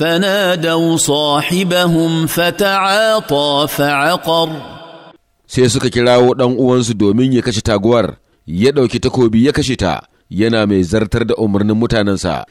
فنادوا صاحبهم فتعاطى فعقر sai suka kirawo ɗan uwansu domin ya kashe taguwar ya ɗauki takobi ya kashe ta yana mai zartar da umarnin mutanensa